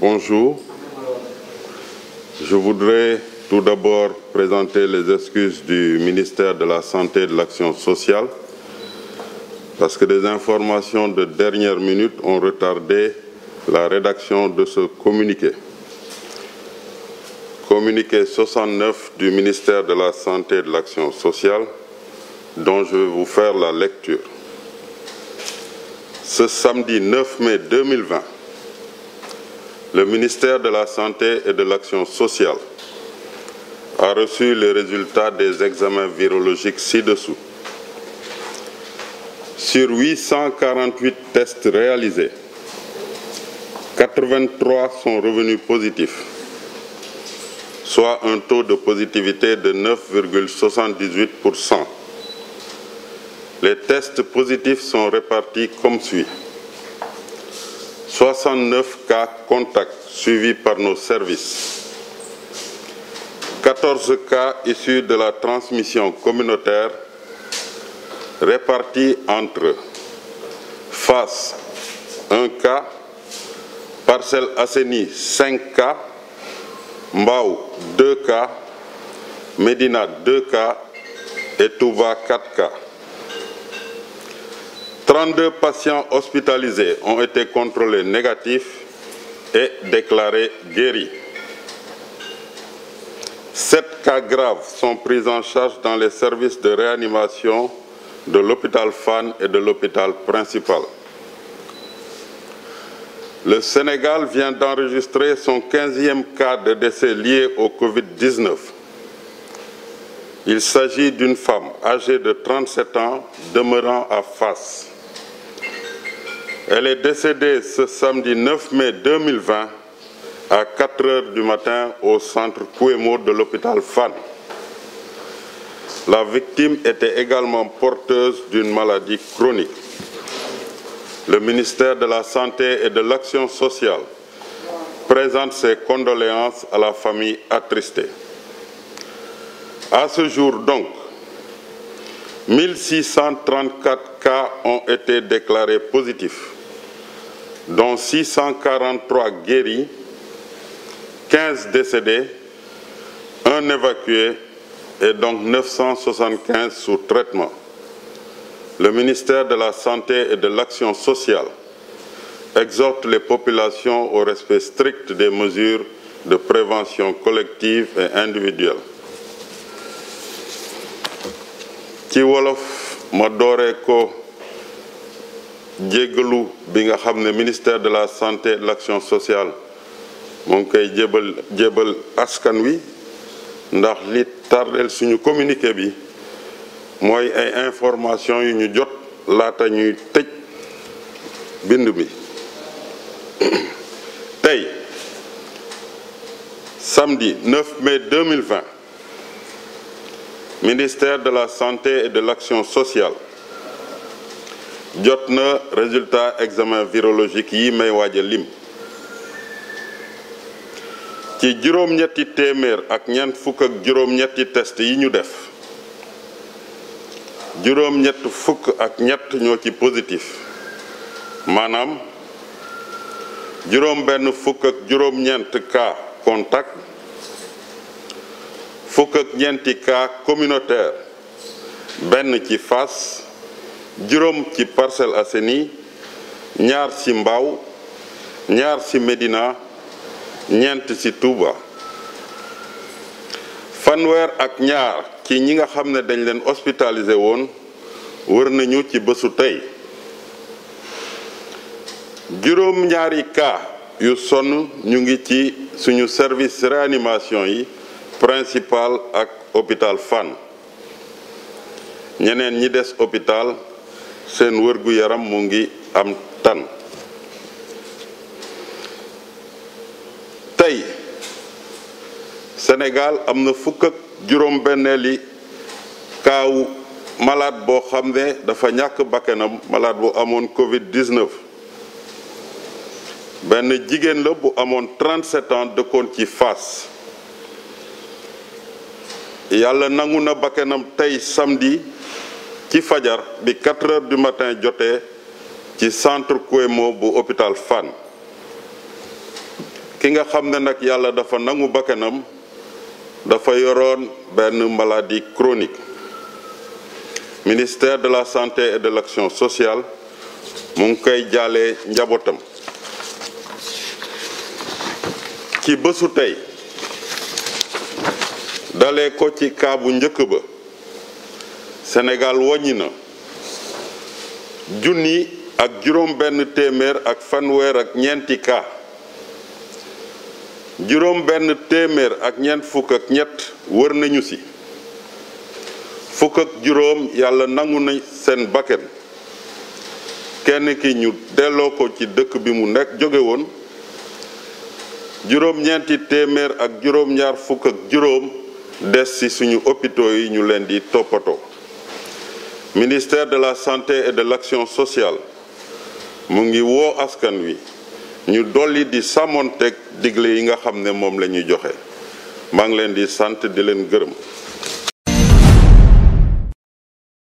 Bonjour. Je voudrais tout d'abord présenter les excuses du ministère de la Santé l'Action sociale parce que des informations de dernière minute ont retardé la rédaction de ce communiqué. Communiqué 69 du ministère de la Santé l'Action sociale dont je vais vous faire la lecture. Ce samedi 9 mai 2020, Le ministère de la Santé et de l'Action sociale a reçu les résultats des examens virologiques ci-dessous. Sur 848 tests réalisés, 83 sont revenus positifs, soit un taux de positivité de 9,78%. Les tests positifs sont répartis comme suit. 69 cas contacts suivis par nos services. 14 cas issus de la transmission communautaire répartis entre Fass 1 cas, Parcelles Assainies 5 cas, Mbao 2 cas, Médina 2 cas et Touba cas. 32 patients hospitalisés ont été contrôlés négatifs et déclarés guéris. 7 cas graves sont pris en charge dans les services de réanimation de l'hôpital de l'hôpital principal. Le Sénégal vient d'enregistrer son 15e cas de décès lié au Covid-19. Il s'agit d'une femme âgée de 37 ans demeurant à Fass. Elle est décédée ce samedi 9 mai 2020 à 4 heures du au centre Couémo de l'hôpital Fann. La victime était également porteuse d'une maladie chronique. Le ministère de la Santé et de l'Action sociale présente ses condoléances à la famille attristée. À ce jour donc, 1634 cas ont été déclarés positifs dont 643 guéris, 15 décédés, 1 évacué et donc 975 sous traitement. Le ministère de la Santé et de l'Action sociale exhorte les populations au des mesures de prévention collective et ci wolof ma dooree ko jéggalu bi nga xam ne ministère de la santé et de l'action sociale moo ngi koy jébal jébal askan wi ndax li tardeel suñu communiqué bi mooy ay information yu ñu jot laata ñuy tëj bind mi tey samedi 9 mai 2020 ministère de la santé de l'action sociale jot na résultat examen virologique yi may waaj lim ci juróom-ñetti téeméer ak ñeent fukk ak juróom-ñetti test yi ñu def juróom-ñett fukk ak ñett ñoo ci positif maanaam juróom-benn fukk ak juróom-ñeent cas contact fukk ak ñeenti cas communautaire benn ci fas juróom ci Parcelles Assainies ñaar ci Mbao ñaar ci Médina ñeent ci Touba fanweer ak ñaar ci ñi nga xam ne dañ leen hospitalisé woon wër nañu ci bësu tey juróom ñaari cas yu sonn ñu ngi ci suñu service réanimation yi principal ak hôpital Fann ñeneen ñi des hôpital seen wërgu yaram mu ngi am tan tey Sénégal am na fukk ak juróom benneeli kaawu malade boo xam ne dafa ñàkk bakkanam malade bu amoon Covid 19 benn jigéen la bu amoon 37 ans dëkkoon ci fas yàlla nangu na bakkanam tey samedi. ci fajar bi 4 heures du matin jotee ci centre Kouemo bu hôpital Fann ki nga xam ne nag yàlla dafa nangu bakkanam dafa yoroon benn maladie chronique ministère de la santé et de l'action sociale mu ngi koy jaalee njabootam ci bésu tey dalee ko ci cas njëkk ba Sénégal wàññi na junni ak juróom-benn téeméer ak fanweer ak ñeenti cas wër nañu ci fukk yàlla nangu na seen bakken kenn ki ñu delloo ko ci dëkk bi mu nekk jóge woon juróom-ñeenti téeméer ak juróom-ñaar fukk ak juróom des ci suñu hôpitaux yi ñu leen di toppatoo. ministère de la santé et de l'action sociale mu ngi woo askan wi ñu dolli di teg digle yi nga xam ne moom la ñuy joxe maa ngi leen di sant di leen gërëm